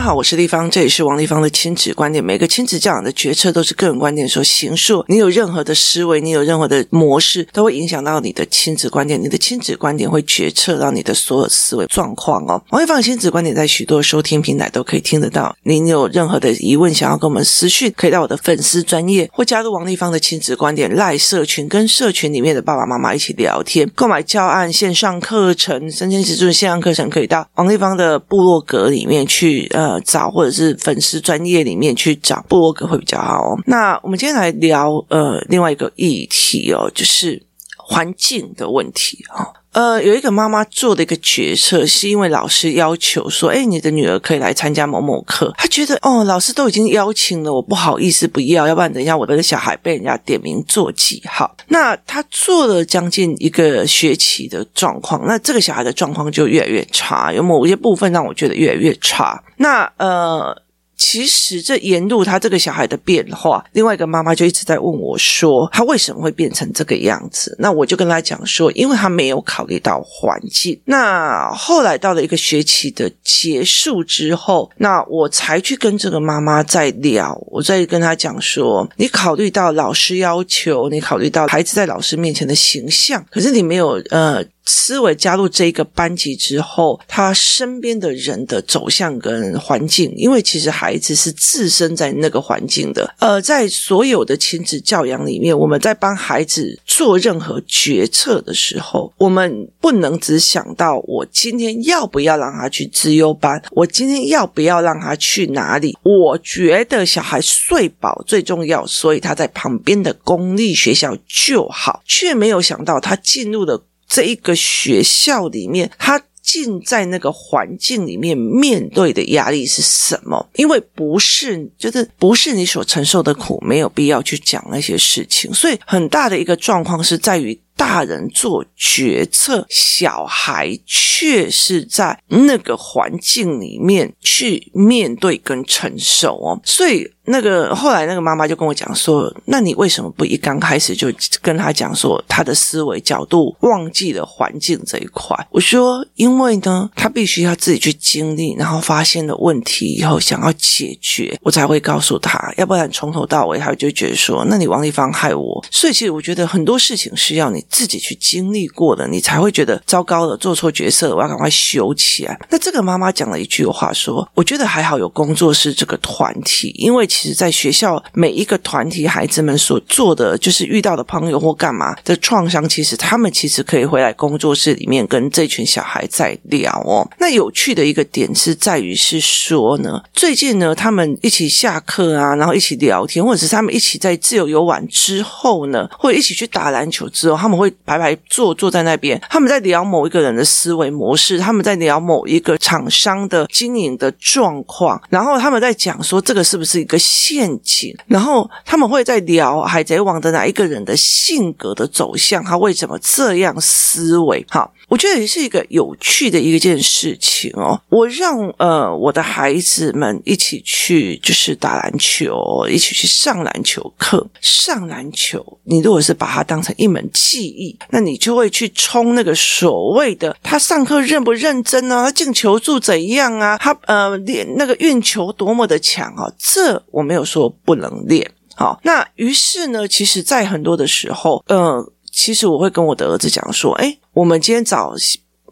大家好，我是麗芳，這裡是王麗芳的親子觀點。每個親子教養的決策都是個人觀點所形塑。你有任何的思維，你有任何的模式，都會影響到你的親子觀點。你的親子觀點會決策到你的所有思維狀況哦。王麗芳的親子觀點在許多收聽平台都可以聽得到。你有任何的疑問，想要跟我們私訊，可以到我的粉絲專頁，或加入王麗芳的親子觀點賴社群，跟社群裡面的爸爸媽媽一起聊天。購買教案、線上課程、三千字作文的線上課程，可以到王麗芳的部落格裡面去。呃。找或者是粉絲專業裡面去找部落格會比較好哦。那我們今天來聊呃另外一個議題哦，就是環境的問題哦。呃，有一個媽媽做的一個決策，是因為老師要求說：“誒，你的女兒可以來參加某某課。”她覺得，哦，老師都已經邀請了，我不好意思不要，要不然等一下我的小孩被人家點名做記號。那她做了將近一個學期的狀況，那這個小孩的狀況就越來越差，有某些部分讓我覺得越來越差。那呃。其實這沿路他這個小孩的變化，另外一個媽媽就一直在問我說，他為什麼會變成這個樣子？那我就跟他講說，因為他沒有考慮到環境。那後來到了一個學期的結束之後，那我才去跟這個媽媽再聊，我再跟他講說，你考慮到老師要求，你考慮到孩子在老師面前的形象，可是你沒有，呃。思維加入這一個班級之後，他身邊的人的走向跟環境，因為其實孩子是置身在那個環境的。而、呃、在所有的親子教養裡面，我們在幫孩子做任何決策的時候，我們不能只想到我今天要不要讓他去資優班，我今天要不要讓他去哪裡？我覺得小孩睡飽最重要，所以他在旁邊的公立學校就好，卻沒有想到他進入了。這一個學校裡面，他進在那個環境裡面面對的壓力是什麼？因為不是，就是不是你所承受的苦，沒有必要去講那些事情。所以，很大的一個狀況是在於大人做決策，小孩卻是在那個環境裡面去面對跟承受哦。所以。那個後來，那個媽媽就跟我講說：“那你為什麼不一剛開始就跟他講說，他的思維角度忘記了環境這一塊？”我說：“因為呢，他必須要自己去經歷，然後發現了問題以後想要解決，我才會告訴他。要不然從頭到尾，他就覺得說：‘那你王麗芳害我。’所以，其實我覺得很多事情是要你自己去經歷過的，你才會覺得糟糕了，做錯角色了，我要趕快修起來。”那這個媽媽講了一句話說：“我覺得還好有工作室這個團體，因為。”其實，在學校每一個團體，孩子們所做的就是遇到的朋友或幹嘛的創傷。其實，他們其實可以回來工作室裡面跟這群小孩在聊。哦，那有趣的一個點是在於是說呢，最近呢，他們一起下課啊，然後一起聊天，或者是他們一起在自由遊玩之後呢，或者一起去打籃球之後，他們會排排坐坐在那邊，他們在聊某一個人的思維模式，他們在聊某一個廠商的經營的狀況，然後他們在講說這個是不是一個陷阱，然後他們會在聊《海賊王》的哪一個人的性格的走向，他為什麼這樣思維。哈。我覺得也是一個有趣的一件事情哦。我讓呃我的孩子們一起去就是打籃球，一起去上籃球課。上籃球，你如果是把它當成一門技藝，那你就會去衝那個所謂的他上課認不認真啊，他進球數怎樣啊，他呃練那個運球多麼的強啊哦。這我沒有說不能練好。那於是呢，其實，在很多的時候，呃，其實我會跟我的兒子講說，哎。我們今天找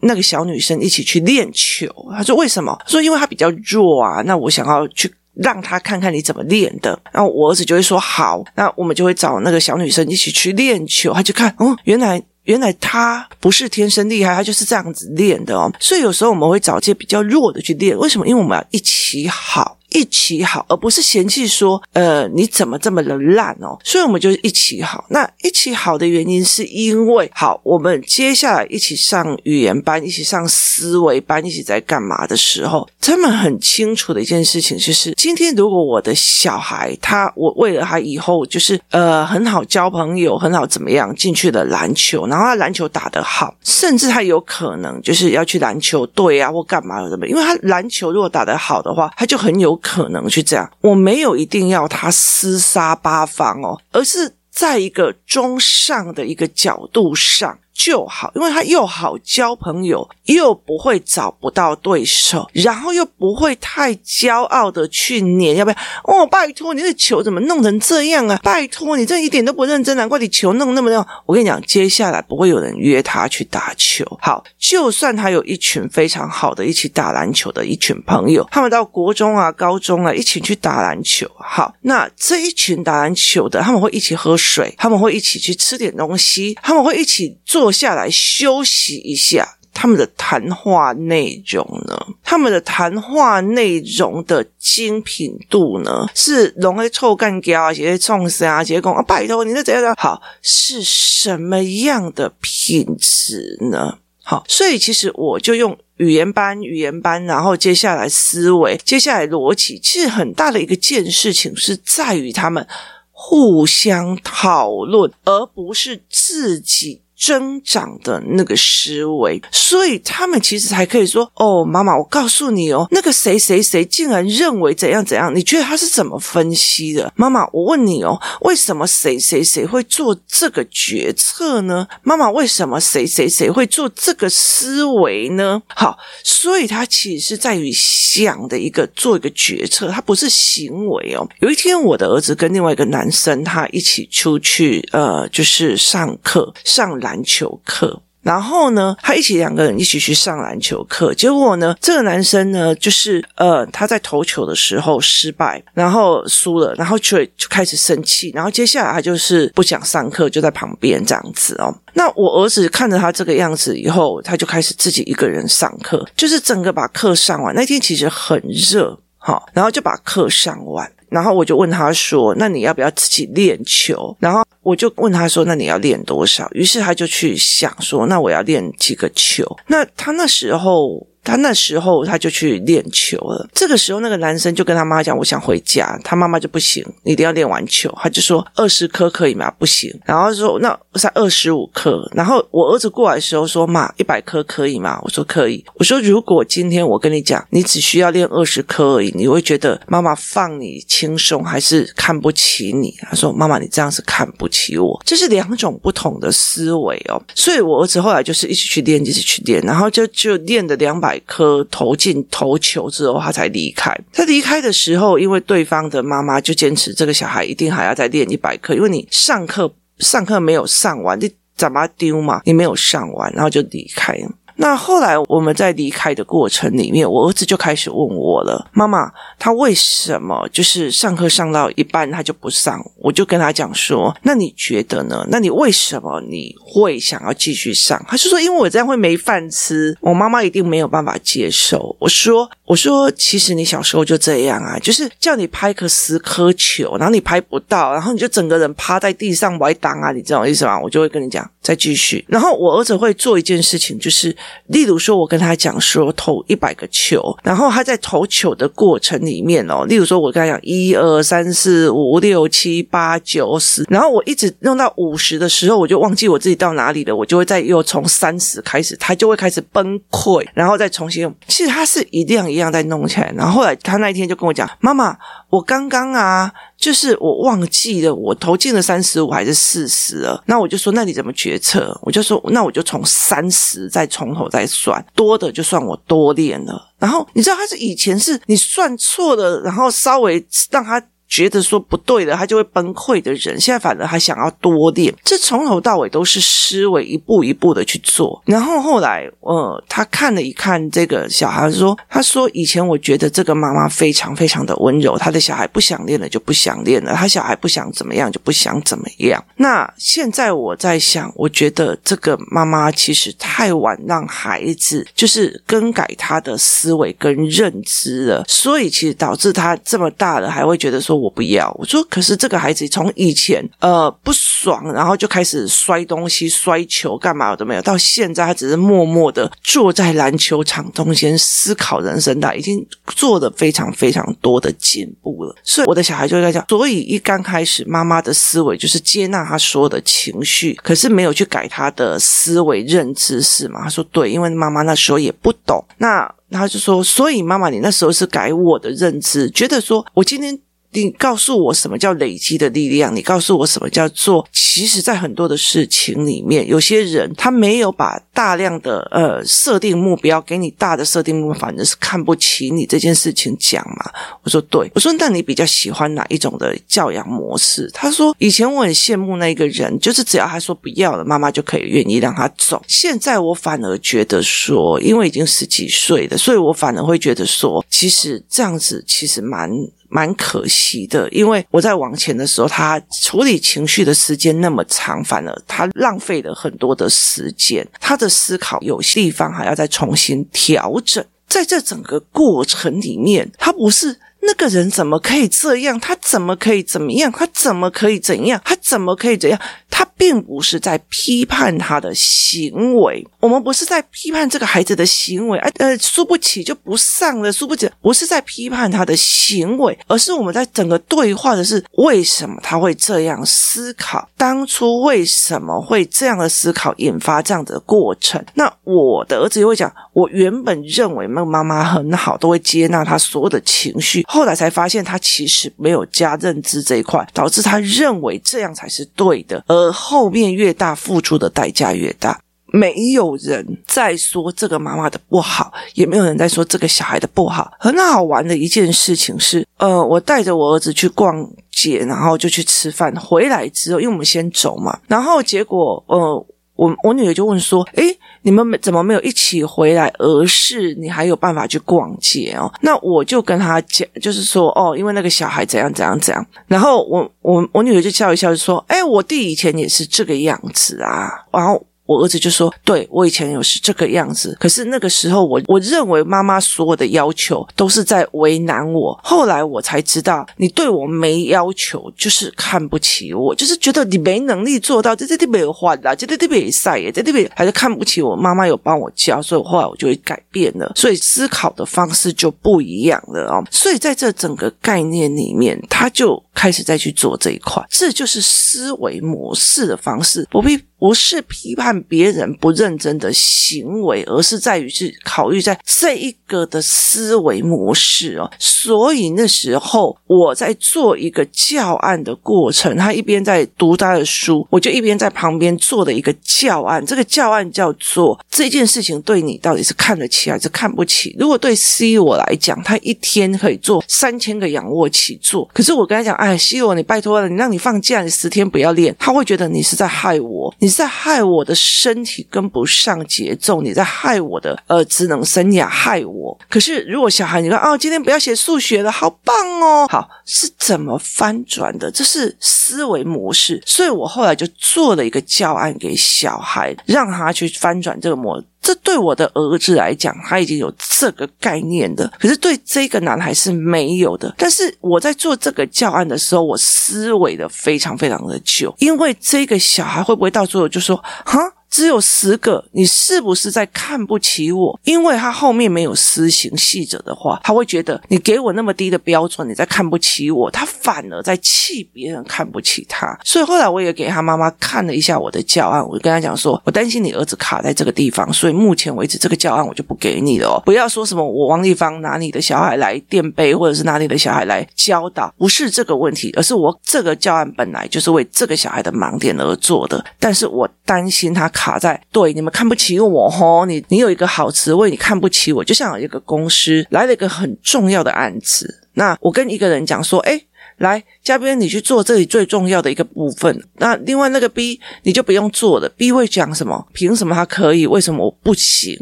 那個小女生一起去練球，她說為什麼？說因為她比較弱啊，那我想要去讓她看看你怎麼練的。然後我兒子就會說好，那我們就會找那個小女生一起去練球，她就看，哦，原來原來她不是天生厲害，她就是這樣子練的哦。所以有時候我們會找一些比較弱的去練，為什麼？因為我們要一起好。一起好，而不是嫌棄說，呃，你怎麼這麼的爛哦？所以我們就一起好。那一起好的原因，是因為好，我們接下來一起上語言班，一起上思維班，一起在幹嘛的時候，他們很清楚的一件事情就是，今天如果我的小孩他，我為了他以後就是呃，很好交朋友，很好怎麼樣，進去了籃球，然後他籃球打得好，甚至他有可能就是要去籃球隊啊，或幹嘛什麼？因為他籃球如果打得好的話，他就很有。可能去這樣，我沒有一定要他廝殺八方哦，而是在一個中上的一個角度上。就好，因為他又好交朋友，又不會找不到對手，然後又不會太驕傲的去念要不要？哦，拜託你這球怎麼弄成這樣啊？拜託你這一點都不認真啊，難怪你球弄那麼亮。我跟你講，接下來不會有人約他去打球。好，就算他有一群非常好的一起打籃球的一群朋友，他們到國中啊、高中啊一起去打籃球。好，那這一群打籃球的，他們會一起喝水，他們會一起去吃點東西，他們會一起做。下來休息一下，他們的談話內容呢？他們的談話內容的精品度呢？是容易臭幹膠啊，直接衝神啊，直接講啊，拜托你是怎樣講？好，是什麼樣的品質呢？好，所以其實我就用語言班，語言班，然後接下來思維，接下來邏輯，其實很大的一個件事情是在於他們互相討論，而不是自己。增長的那個思維，所以他們其實還可以說：“哦，媽媽，我告訴你哦，那個誰誰誰竟然認為怎樣怎樣，你覺得他是怎麼分析的？”媽媽，我問你哦，為什麼誰誰誰會做這個決策呢？媽媽，為什麼誰誰誰會做這個思維呢？好，所以他其實是在於想的一個，做一個決策，他不是行為哦。有一天，我的兒子跟另外一個男生他一起出去，呃，就是上課上來。籃球課，然後呢，他一起兩個人一起去上籃球課，結果呢，這個男生呢，就是呃，他在投球的時候失敗，然後輸了，然後就就開始生氣，然後接下來他就是不想上課，就在旁邊這樣子哦。那我兒子看着他這個樣子以後，他就開始自己一個人上課，就是整個把課上完。那天其實很熱，好，然後就把課上完。然後我就問他說：“那你要不要自己練球？”然後我就問他說：“那你要練多少？”於是他就去想說：“那我要練幾個球？”那他那時候。他那時候他就去練球了。這個時候，那個男生就跟他媽講：“我想回家。”他媽媽就不行，你一定要練完球。他就說：“二十顆可以嗎？”不行。然後說：“那才二十五顆。”然後我兒子過來的時候說：“媽，一百顆可以嗎？”我說：“可以。”我說：“如果今天我跟你講，你只需要練二十顆而已，你會覺得媽媽放你輕鬆，還是看不起你？”他說：“媽媽，你這樣是看不起我。”這是兩種不同的思維哦。所以我兒子後來就是一起去練，一起去練，然後就就練的兩百。顆投進投球之後，他才離開。他離開的時候，因為對方的媽媽就堅持這個小孩一定還要再練一百顆，因為你上課上課沒有上完，你怎麼丟嘛？你沒有上完，然後就離開那後來我們在離開的過程裡面，我兒子，就開始問我了：“媽媽，他為什麼就是上課上到一半他就不上？”我就跟他講說：“那你覺得呢？那你為什麼你會想要繼續上？”他就說：“因為我這樣會沒飯吃，我媽媽一定沒有辦法接受。”我說：“我說，其實你小時候就這樣啊，就是叫你拍個十顆球，然後你拍不到，然後你就整個人趴在地上歪當啊，你這種意思嗎？”我就會跟你講再繼續。然後我兒子會做一件事情，就是。例如說，我跟他講說投一百個球，然後他在投球的過程裡面哦，例如說我跟他講一二三四五六七八九十，然後我一直弄到五十的時候，我就忘記我自己到哪裡了，我就會再又從三十開始，他就會開始崩潰，然後再重新用。其實他是一樣一樣在弄起來，然後後來他那一天就跟我講，媽媽，我剛剛啊。就是我忘記了，我投進了三十五還是四十了？那我就說，那你怎麼決策？我就說，那我就從三十再從頭再算，多的就算我多練了。然後你知道他是以前是你算錯了，然後稍微讓他。覺得說不對的，他就會崩潰的人，現在反而還想要多練。這從頭到尾都是思維一步一步的去做。然後後來，呃，他看了一看這個小孩，說，他說以前我覺得這個媽媽非常非常的溫柔，他的小孩不想練了就不想練了，他小孩不想怎麼樣就不想怎麼樣。那現在我在想，我覺得這個媽媽其實太晚讓孩子就是更改他的思維跟認知了，所以其實導致他這麼大了還會覺得說，我不要，我說，可是這個孩子從以前呃不爽，然後就開始摔東西、摔球，幹嘛我都沒有。到現在，他只是默默的坐在籃球場中間思考人生，他已經做了非常非常多的進步了。所以我的小孩就在講，所以一剛開始，媽媽的思維就是接納他所有的情緒，可是沒有去改他的思維認知，是嗎？他說對，因為媽媽那時候也不懂。那他就說，所以媽媽，你那時候是改我的認知，覺得說我今天。你告訴我什麼叫累積的力量？你告訴我什麼叫做？其實，在很多的事情裡面，有些人他沒有把大量的呃設定目標給你大的設定目標，反正是看不起你這件事情講嘛。我說對，我說那你比較喜歡哪一種的教養模式？他說以前我很羨慕那個人，就是只要他說不要了，媽媽就可以願意讓他走。現在我反而覺得說，因為已經十幾歲了，所以我反而會覺得說，其實這樣子其實蠻。蠻可惜的，因為我在往前的時候，他處理情緒的時間那麼長，反而他浪費了很多的時間，他的思考有些地方還要再重新調整，在這整個過程裡面，他不是。那個人怎麼可以這樣？他怎麼可以怎麼樣？他怎麼可以怎樣？他怎麼可以怎樣？他並不是在批判他的行為，我們不是在批判這個孩子的行為。呃，輸不起就不上了，輸不起不是在批判他的行為，而是我們在整個對話的是為什麼他會這樣思考，當初為什麼會這樣的思考，引發這樣的過程。那我的兒子也會講，我原本認為那個媽媽很好，都會接納他所有的情緒。後來才發現，他其實沒有加認知這一塊，導致他認為這樣才是對的，而後面越大付出的代價越大。沒有人在說這個媽媽的不好，也沒有人在說這個小孩的不好。很好玩的一件事情是，呃，我帶着我兒子去逛街，然後就去吃飯，回來之後，因為我們先走嘛，然後結果，呃。我我女兒就問說：“欸，你們沒怎麼沒有一起回來，而是你還有辦法去逛街哦？”那我就跟她講，就是說：“哦，因為那個小孩怎樣怎樣怎樣。”然後我我我女兒就笑一笑，就說：“欸，我弟以前也是這個樣子啊。”然後。我兒子就說：“對，我以前也是這個樣子，可是那個時候我我認為媽媽所有的要求都是在為難我。後來我才知道，你對我沒要求，就是看不起我，就是覺得你沒能力做到。這這這邊有換啦，這這邊有賽耶，這這邊還是看不起我。媽媽有幫我教，所以後來我就會改變了，所以思考的方式就不一樣了哦。所以在這整個概念裡面，他就開始再去做這一塊，這就是思維模式的方式。不必不是批判。”別人不認真的行為，而是在於是考慮在這一個的思維模式哦。所以那時候我在做一個教案的過程，他一邊在讀他的書，我就一邊在旁邊做的一個教案。這個教案叫做這件事情對你到底是看得起還是看不起？如果對 C 羅來講，他一天可以做三千個仰臥起坐，可是我跟他講，哎，C 羅你拜托了，你讓你放假，你十天不要練，他會覺得你是在害我，你是在害我的。身體跟不上節奏，你在害我的呃，職能生涯，害我。可是如果小孩說，你看啊，今天不要寫數學了，好棒哦！好，是怎麼翻轉的？這是思維模式。所以我後來就做了一個教案給小孩，讓他去翻轉這個模式。這對我的兒子來講，他已經有這個概念的。可是對這個男孩是沒有的。但是我在做這個教案的時候，我思維的非常非常的久，因為這個小孩會不會到最後就說哼、啊？只有十個，你是不是在看不起我？因為他後面沒有施行細則的話，他會覺得你給我那麼低的標準，你在看不起我。他。反而在氣別人看不起他，所以後來我也給他媽媽看了一下我的教案，我就跟他講說，我擔心你兒子卡在這個地方，所以目前為止這個教案我就不給你了哦。不要說什麼我王麗芳拿你的小孩來墊背，或者是拿你的小孩來教導，不是這個問題，而是我這個教案本來就是為這個小孩的盲點而做的，但是我擔心他卡在對你們看不起我哦，你你有一個好職位，你看不起我，就像有一個公司來了一個很重要的案子，那我跟一個人講說，哎。來，嘉賓，你去做這裡最重要的一個部分。那另外那個 B，你就不用做了。B 會講什麼？憑什麼他可以？為什麼我不行？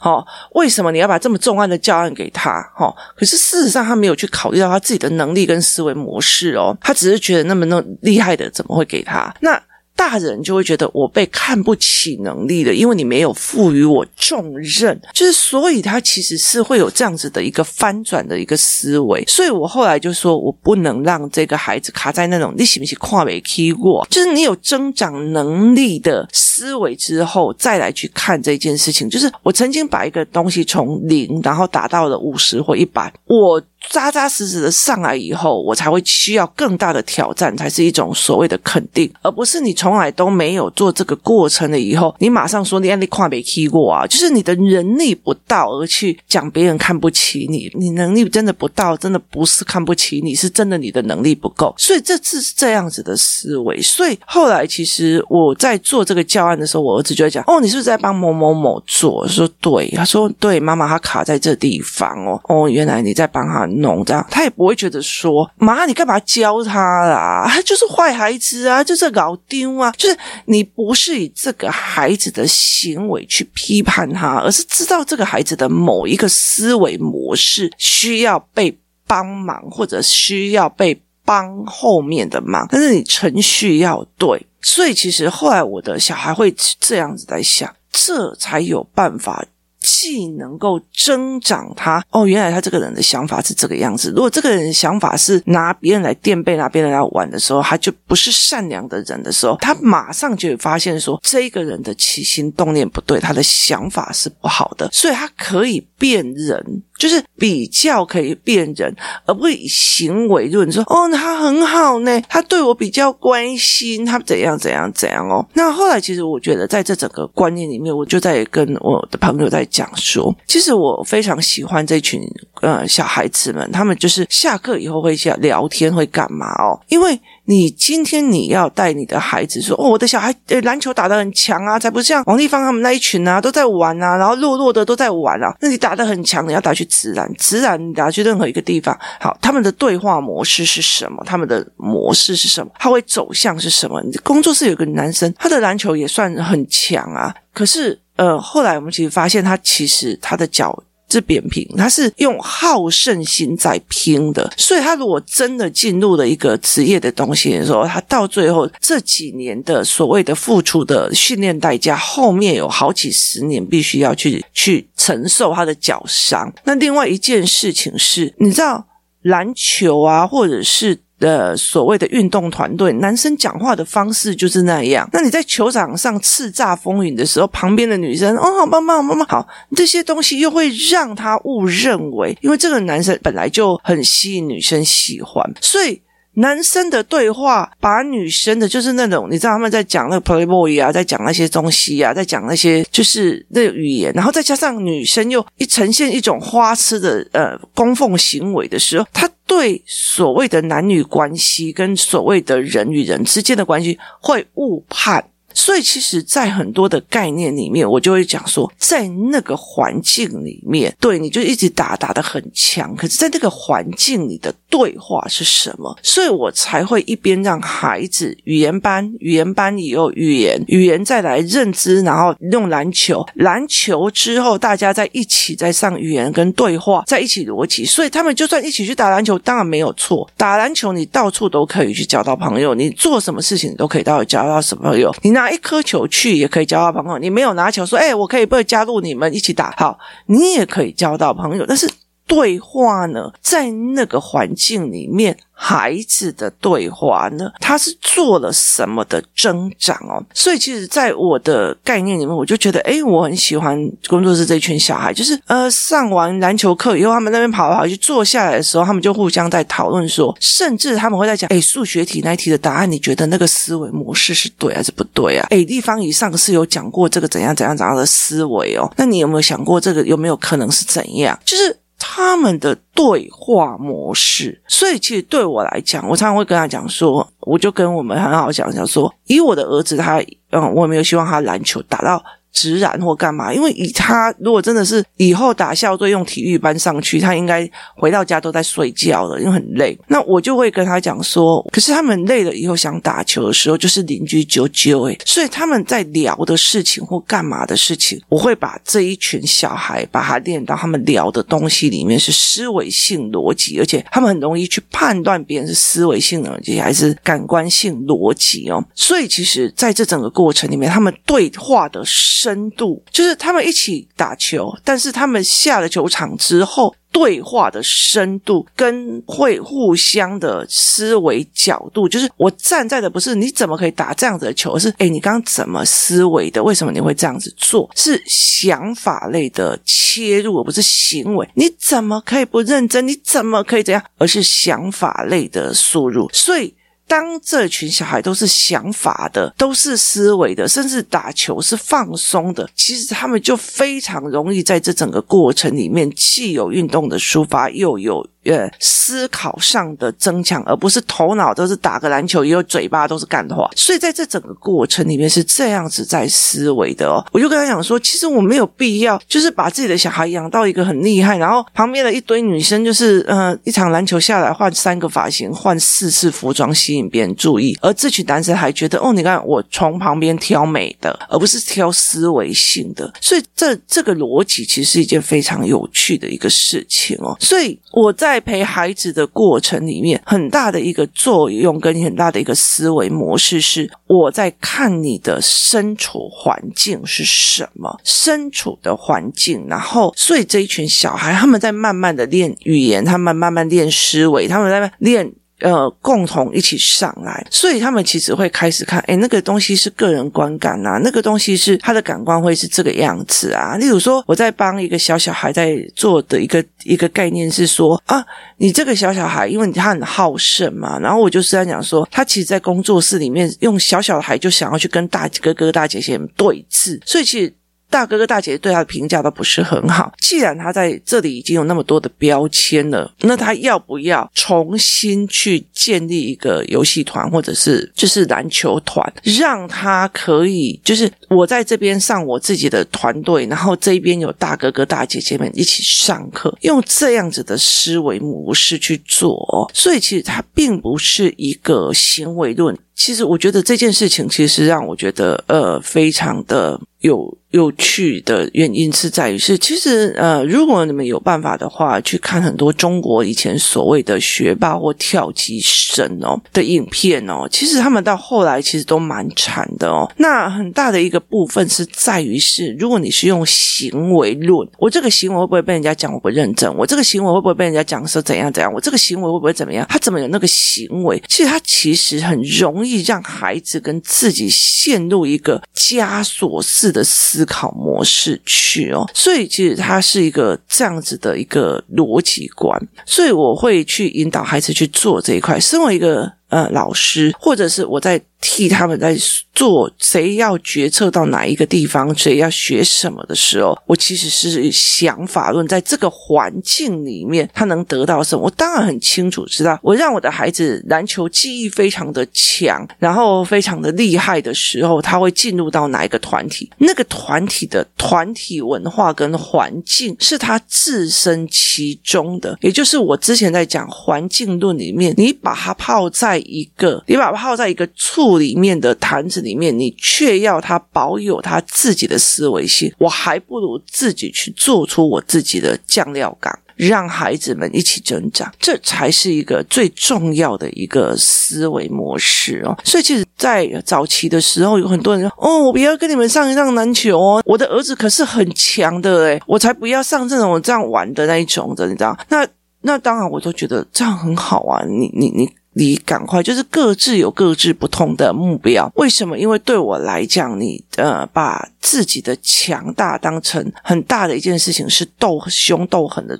齁，為什麼你要把這麼重案的教案給他？齁，可是事實上他沒有去考慮到他自己的能力跟思維模式哦。他只是覺得那麼那厲害的怎麼會給他？那。大人就會覺得我被看不起能力了，因為你沒有賦予我重任，就是所以他其實是會有這樣子的一個翻轉的一個思維。所以我後來就說，我不能讓這個孩子卡在那種你喜不喜跨沒踢過，就是你有增長能力的思維之後，再來去看這件事情。就是我曾經把一個東西從零，然後達到了五十或一百，我。扎扎實實的上來以後，我才會需要更大的挑戰，才是一種所謂的肯定，而不是你從來都沒有做這個過程了以後，你馬上說你案例跨沒踢過啊，就是你的能力不到而去講別人看不起你，你能力真的不到，真的不是看不起你，是真的你的能力不夠，所以這次是這樣子的思維。所以後來其實我在做這個教案的時候，我兒子就在講哦，你是不是在幫某某某做？說對，他說對，媽媽，他卡在這地方哦，哦，原來你在幫他。弄這樣，non, 他也不會覺得說，媽，你幹嘛教他啦？他就是壞孩子啊，就是老丟啊，就是你不是以這個孩子的行為去批判他，而是知道這個孩子的某一個思維模式需要被幫忙，或者需要被幫後面的忙。但是你程序要對，所以其實後來我的小孩會這樣子在想，這才有辦法。既能夠增長他哦，原來他這個人的想法是這個樣子。如果這個人的想法是拿別人來墊背，拿別人來玩的時候，他就不是善良的人的時候，他馬上就會發現說，這個人的起心動念不對，他的想法是不好的，所以他可以辨人。就是比較可以辨人，而不會以行為論說，哦，他很好呢，他對我比較關心，他怎樣怎樣怎樣哦。那後來其實我覺得，在這整個觀念裡面，我就在跟我的朋友在講說，其實我非常喜歡這群呃小孩子們，他們就是下課以後會下聊天，會幹嘛哦？因為。你今天你要帶你的孩子說哦，我的小孩呃籃球打得很強啊，才不像王麗芳他們那一群啊，都在玩啊，然後弱弱的都在玩啊。那你打得很強的，你要打去職籃，職籃你打去任何一個地方，好，他們的對話模式是什麼？他們的模式是什麼？他會走向是什麼？你工作室有一個男生，他的籃球也算很強啊，可是呃，後來我們其實發現他其實他的腳。這扁平，他是用好勝心在拼的，所以他如果真的進入了一個職業的東西的時候，他到最後這幾年的所謂的付出的訓練代價，後面有好幾十年必須要去去承受他的腳傷。那另外一件事情是你知道籃球啊，或者是。的所謂的運動團隊，男生講話的方式就是那樣。那你在球場上叱咤風雲的時候，旁邊的女生哦，媽媽，媽媽好，這些東西又會讓他誤認為，因為這個男生本來就很吸引女生喜歡，所以。男生的對話，把女生的，就是那種，你知道他們在講那個 playboy 啊，在講那些東西啊，在講那些就是那語言，然後再加上女生又一呈現一種花痴的呃供奉行為的時候，他對所謂的男女關係跟所謂的人與人之間的關係會誤判。所以其實，在很多的概念裡面，我就會講說，在那個環境裡面，對你就一直打打得很強。可是，在那個環境裡的對話是什麼？所以我才會一邊讓孩子語言班，語言班以後語言語言再來認知，然後用籃球，籃球之後大家在一起再上語言跟對話，在一起邏輯。所以他們就算一起去打籃球，當然沒有錯。打籃球你到處都可以去交到朋友，你做什麼事情你都可以到處交到什麼朋友，你那。拿一顆球去也可以交到朋友。你沒有拿球說，哎、欸，我可以不可以加入你們一起打，好，你也可以交到朋友。但是。對話呢，在那個環境裡面，孩子的對話呢，他是做了什麼的增長哦？所以，其實，在我的概念裡面，我就覺得，誒，我很喜歡工作室這一群小孩，就是呃，上完籃球課以後，他們那邊跑來跑去坐下來的時候，他們就互相在討論說，甚至他們會在講，誒，數學題那一題的答案，你覺得那個思維模式是對還是不對啊？誒，地方以上是有講過這個怎樣怎樣怎樣的思維哦，那你有沒有想過，這個有沒有可能是怎樣？就是。他們的對話模式，所以其實對我來講，我常常會跟他講說，我就跟我們很好講講說，以我的兒子他，嗯，我沒有希望他籃球打到，直染或幹嘛？因為以他如果真的是以後打校隊用體育班上去，他應該回到家都在睡覺了，因為很累。那我就會跟他講說，可是他們累了以後想打球的時候，就是鄰居啾啾欸。所以他們在聊的事情或幹嘛的事情，我會把這一群小孩把他練到他們聊的東西裡面是思維性邏輯，而且他們很容易去判斷別人是思維性邏輯還是感官性邏輯哦。所以其實在這整個過程裡面，他們對話的是。深度就是他們一起打球，但是他們下了球場之後，對話的深度跟會互相的思維角度，就是我站在的不是你怎麼可以打這樣子的球，而是，欸，你剛剛怎麼思維的？為什麼你會這樣子做？是想法類的切入，而不是行為。你怎麼可以不認真？你怎麼可以這樣？而是想法類的輸入，所以。當這群小孩都是想法的，都是思維的，甚至打球是放鬆的，其實他們就非常容易在這整個過程裡面，既有運動的抒發，又有。呃，思考上的增強，而不是頭腦都是打個籃球，也有嘴巴都是乾的話。所以在這整個過程裡面是這樣子在思維的哦。我就跟他講說，其實我沒有必要，就是把自己的小孩養到一個很厲害，然後旁邊的一堆女生就是，呃，一場籃球下來換三個髮型，換四次服裝，吸引別人注意。而這群男生還覺得，哦，你看我從旁邊挑美的，而不是挑思維性的。所以這這個邏輯其實是一件非常有趣的一個事情哦。所以我在。在陪孩子的過程裡面，很大的一個作用跟很大的一個思維模式是，我在看你的身處環境是什麼？身處的環境，然後，所以這一群小孩，他們在慢慢的練語言，他們慢慢練思維，他們在練。呃，共同一起上來，所以他們其實會開始看，誒，那個東西是個人觀感吶，啊，那個東西是他的感官會是這個樣子啊。例如說，我在幫一個小小孩在做的一個一個概念是說啊，你這個小小孩，因為他很好勝嘛，然後我就是在講說，他其實，在工作室裡面用小小孩就想要去跟大哥哥、大姐姐們對峙，所以其實。大哥哥、大姐姐對他的評價都不是很好。既然他在這裡已經有那麼多的標籤了，那他要不要重新去建立一個遊戲團，或者是就是籃球團，讓他可以就是我在這邊上我自己的團隊，然後這邊有大哥哥、大姐姐們一起上課，用這樣子的思維模式去做。所以，其實他並不是一個行為論。其實，我覺得這件事情其實讓我覺得呃，非常的。有有趣的原因是在於是，其實呃，如果你們有辦法的話，去看很多中國以前所謂的學霸或跳級生哦的影片哦，其實他們到後來其實都蠻慘的哦。那很大的一個部分是在於是，如果你是用行為論，我這個行為會不會被人家講我不認真？我這個行為會不會被人家講說怎樣怎樣？我這個行為會不會怎麼樣？他怎麼有那個行為？其實他其實很容易讓孩子跟自己陷入一個枷鎖式的。的思考模式去哦，所以其實它是一個這樣子的一個邏輯觀，所以我會去引導孩子去做這一塊，身為一個。呃、嗯，老師，或者是我在替他們在做，誰要決策到哪一個地方，誰要學什麼的時候，我其實是想法論，在這個環境裡面，他能得到什麼，我當然很清楚知道。我讓我的孩子籃球技藝非常的強，然後非常的厲害的時候，他會進入到哪一個團體？那個團體的團體文化跟環境是他置身其中的，也就是我之前在講環境論裡面，你把它泡在。在一個，你把它泡在一個醋裡面的罈子裡面，你卻要他保有他自己的思維性，我還不如自己去做出我自己的醬料缸，讓孩子們一起成長，這才是一個最重要的一個思維模式哦。所以，其實，在早期的時候，有很多人說，哦，我不要跟你們上一上籃球哦，我的兒子可是很強的哎，我才不要上這種這樣玩的那一種的，你知道？那，那當然，我就覺得這樣很好啊，你你你。你你趕快，就是各自有各自不同的目標。為什麼？因為對我來講你，你呃把。自己的強大當成很大的一件事情是鬥，是鬥凶鬥狠的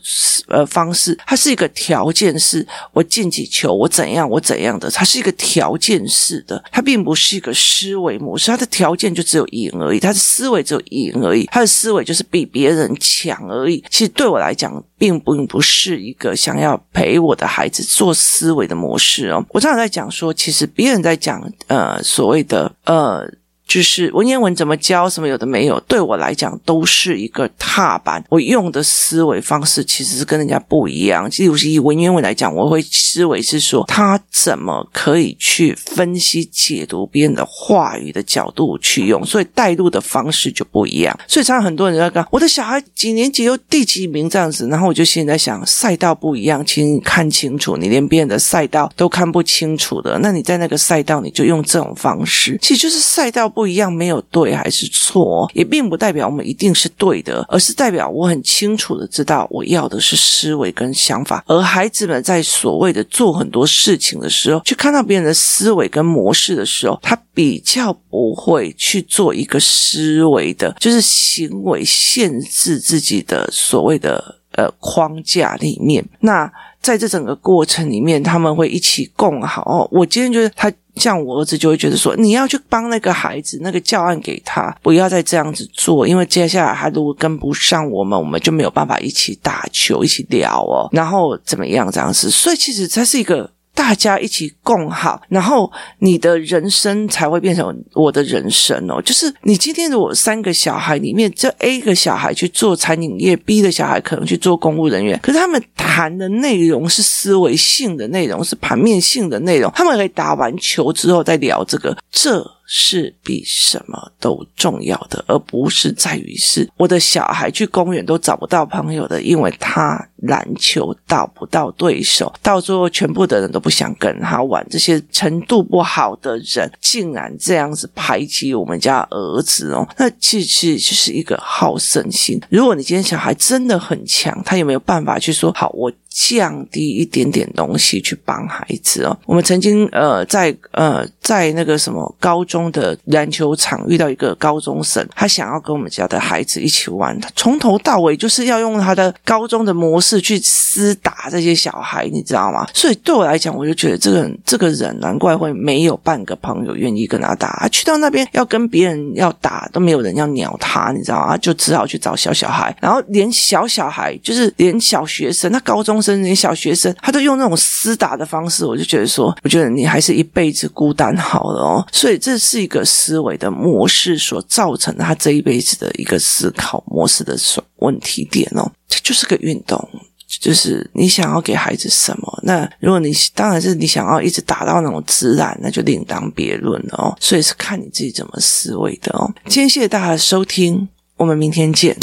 呃方式，它是一個條件式。我進幾球，我怎樣，我怎樣的，它是一個條件式的，它並不是一個思維模式。它的條件就只有贏而已，它的思維只有贏而已，它的思維就是比別人強而已。其實對我來講，並並不是一個想要陪我的孩子做思維的模式哦。我常常在講說，其實別人在講呃所謂的呃。就是文言文怎麼教，什麼有的沒有，對我來講都是一個踏板。我用的思維方式其實是跟人家不一樣。其實我是以文言文來講，我會思維是說他怎麼可以去分析解讀別人的話語的角度去用，所以帶路的方式就不一樣。所以常常很多人在講我的小孩幾年級又第幾名這樣子，然後我就現在想賽道不一樣，請你看清楚，你連別人的賽道都看不清楚的，那你在那個賽道你就用這種方式，其實就是賽道不一樣，沒有對還是錯，也並不代表我們一定是對的，而是代表我很清楚的知道我要的是思維跟想法。而孩子們在所謂的做很多事情的時候，去看到別人的思維跟模式的時候，他比較不會去做一個思維的，就是行為限制自己的所謂的，呃，框架裡面。那在這整個過程裡面，他們會一起共好哦。我今天覺得他像我兒子，就會覺得說，你要去幫那個孩子，那個教案給他，不要再這樣子做，因為接下來他如果跟不上我們，我們就沒有辦法一起打球、一起聊哦。然後怎麼樣、這樣子？所以其實他是一個。大家一起共好，然後你的人生才會變成我的人生哦。就是你今天如果三個小孩裡面，這 A 個小孩去做餐飲業，B 的小孩可能去做公務人員，可是他們談的內容是思維性的內容，是盤面性的內容。他們可以打完球之後再聊這個這。是比什麼都重要的，而不是在於是我的小孩去公園都找不到朋友的，因為他籃球打不到對手，到最後全部的人都不想跟他玩。這些程度不好的人竟然這樣子排擠我們家兒子哦，那其實其實就是一個好勝心。如果你今天小孩真的很強，他有沒有辦法去說好我？降低一點點東西去幫孩子哦。我們曾經呃在呃在那個什麼高中的籃球場遇到一個高中生，他想要跟我們家的孩子一起玩，他從頭到尾就是要用他的高中的模式去。廝打這些小孩，你知道嗎？所以對我來講，我就覺得這個人，這個人難怪會沒有半個朋友願意跟他打。他去到那邊要跟別人要打，都沒有人要鳥他，你知道嗎？就只好去找小小孩，然後連小小孩，就是連小學生、那高中生、連小學生，他都用那種廝打的方式。我就覺得說，我覺得你還是一輩子孤單好了哦。所以這是一個思維的模式所造成的他這一輩子的一個思考模式的所問題點哦。這就是個運動。就是你想要給孩子什麼？那如果你當然是你想要一直達到那種自然，那就另當別論了哦。所以是看你自己怎麼思維的哦。今天謝謝大家的收聽，我們明天見。